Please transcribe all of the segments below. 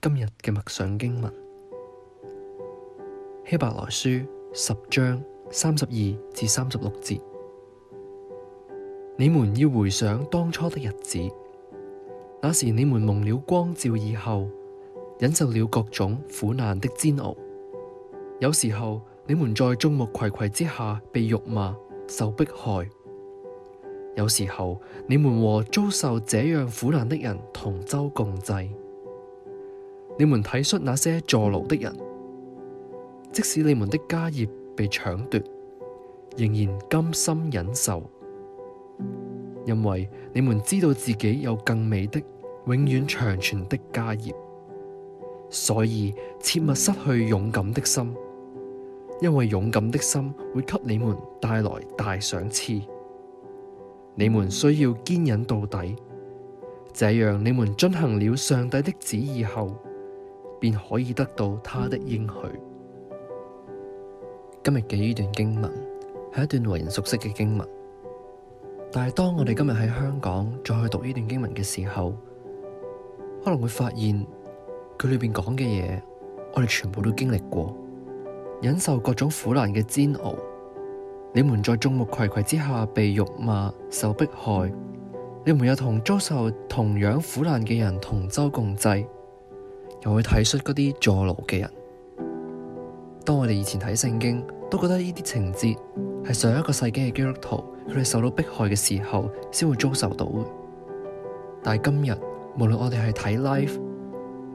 今日嘅默想經文，《希伯來書》十章三十二至三十六節：你們要回想當初的日子，那時你們蒙了光照以後，忍受了各種苦難的煎熬，有時候你們在眾目睽睽之下被辱罵、受迫害，有時候你們和遭受這樣苦難的人同舟共濟。你們體恤那些坐牢的人，即使你們的家業被搶奪，仍然甘心忍受，因為你們知道自己有更美的、永遠長存的家業。所以切勿失去勇敢的心，因為勇敢的心會給你們帶來大賞賜。你們需要堅忍到底，這樣你們進行了上帝的旨意後，便可以得到他的應許。今日嘅呢段經文係一段為人熟悉嘅經文，但係當我哋今日喺香港再去讀呢段經文嘅時候，可能會發現佢裏邊講嘅嘢，我哋全部都經歷過，忍受各種苦難嘅煎熬。你們在眾目睽睽之下被辱罵、受迫害，你們又同遭受同樣苦難嘅人同舟共濟。就會體恤嗰啲坐牢嘅人。當我哋以前睇聖經，都覺得呢啲情節係上一個世紀嘅基督徒佢哋受到迫害嘅時候先會遭受到嘅。但係今日，無論我哋係睇 life，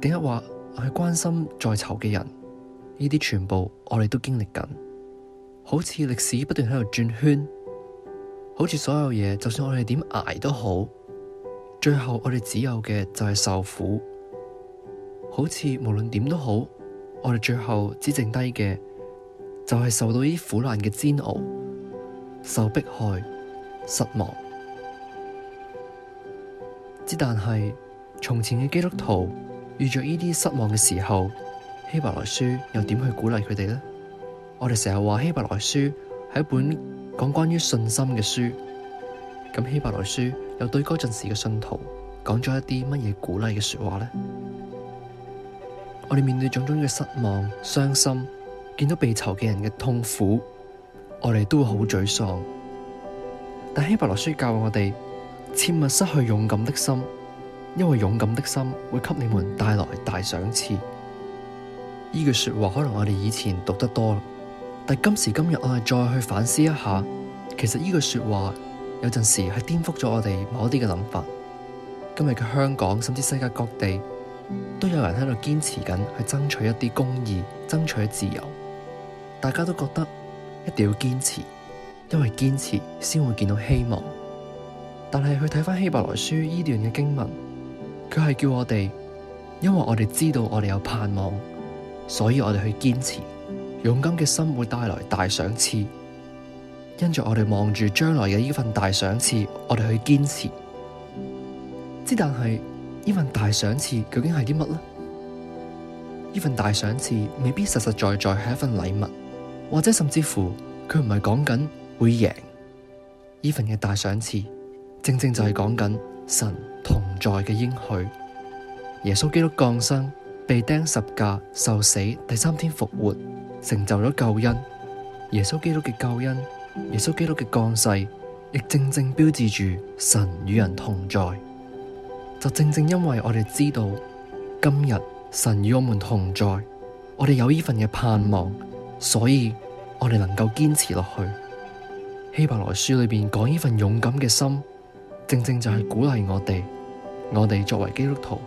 定係話，係關心在囚嘅人，呢啲全部我哋都經歷緊。好似歷史不斷喺度轉圈，好似所有嘢，就算我哋點捱都好，最後我哋只有嘅就係受苦。好似無論點都好，我哋最後只剩低嘅就係、是、受到呢苦難嘅煎熬、受迫害、失望。之但係從前嘅基督徒遇着呢啲失望嘅時候，希伯來書又點去鼓勵佢哋呢？我哋成日話希伯來書係一本講關於信心嘅書，咁希伯來書又對嗰陣時嘅信徒講咗一啲乜嘢鼓勵嘅說話呢？我哋面對種種嘅失望、傷心，見到被囚嘅人嘅痛苦，我哋都會好沮喪。但希伯來書教我哋切勿失去勇敢的心，因爲勇敢的心會給你們帶來大賞賜。依句說話可能我哋以前讀得多，但今時今日我哋再去反思一下，其實依句說話有陣時係顛覆咗我哋某一啲嘅諗法。今日嘅香港，甚至世界各地。都有人喺度堅持緊去爭取一啲公義，爭取自由。大家都覺得一定要堅持，因為堅持先會見到希望。但係去睇翻希伯來書呢段嘅經文，佢係叫我哋，因為我哋知道我哋有盼望，所以我哋去堅持，勇敢嘅心會帶來大賞賜。因着我哋望住將來嘅呢份大賞賜，我哋去堅持。之但係。呢份大賞賜究竟係啲乜呢？呢份大賞賜未必實實在在係一份禮物，或者甚至乎佢唔係講緊會贏。呢份嘅大賞賜，正正就係講緊神同在嘅應許。耶穌基督降生，被釘十架，受死，第三天復活，成就咗救恩。耶穌基督嘅救恩，耶穌基督嘅降世，亦正正標誌住神與人同在。就正正因為我哋知道今日神與我們同在，我哋有呢份嘅盼望，所以我哋能夠堅持落去。希伯來書裏邊講呢份勇敢嘅心，正正就係鼓勵我哋。我哋作為基督徒，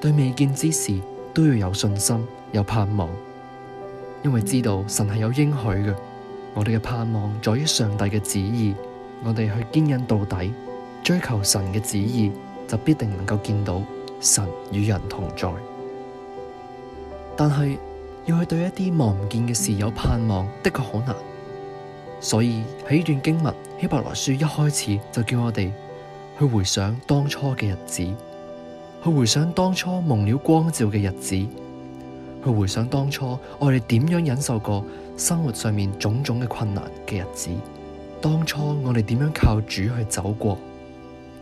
對未見之事都要有信心，有盼望，因為知道神係有應許嘅。我哋嘅盼望在於上帝嘅旨意，我哋去堅忍到底，追求神嘅旨意。就必定能夠見到神與人同在，但係要去對一啲望唔見嘅事有盼望，的確好難。所以喺呢段經文希伯來書一開始就叫我哋去回想當初嘅日子，去回想當初蒙了光照嘅日子，去回想當初我哋點樣忍受過生活上面種種嘅困難嘅日子，當初我哋點樣靠主去走過，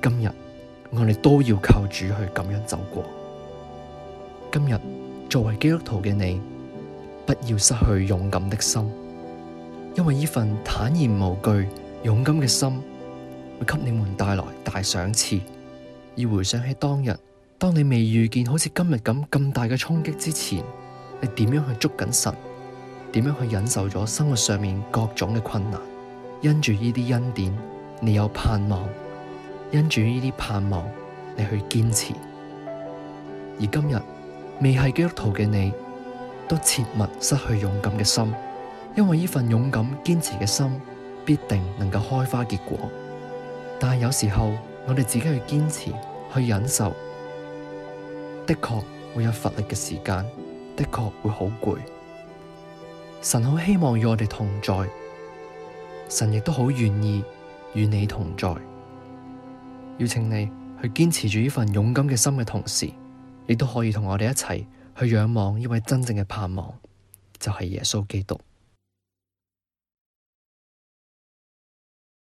今日，我哋都要靠主去咁樣走過。今日作為基督徒嘅你，不要失去勇敢的心，因為呢份坦然無懼、勇敢嘅心，會給你們帶來大賞賜。而回想起當日，當你未遇見好似今日咁咁大嘅衝擊之前，你點樣去捉緊神？點樣去忍受咗生活上面各種嘅困難？因住呢啲恩典，你有盼望。因住呢啲盼望，你去堅持，而今日未係基督徒嘅你，都切勿失去勇敢嘅心，因為呢份勇敢堅持嘅心，必定能夠開花結果。但係有時候我哋自己去堅持去忍受，的確會有乏力嘅時間，的確會好攰。神好希望與我哋同在，神亦都好願意與你同在。邀請你去堅持住呢份勇敢嘅心嘅同時，你都可以同我哋一齊去仰望一位真正嘅盼望，就係、是、耶穌基督。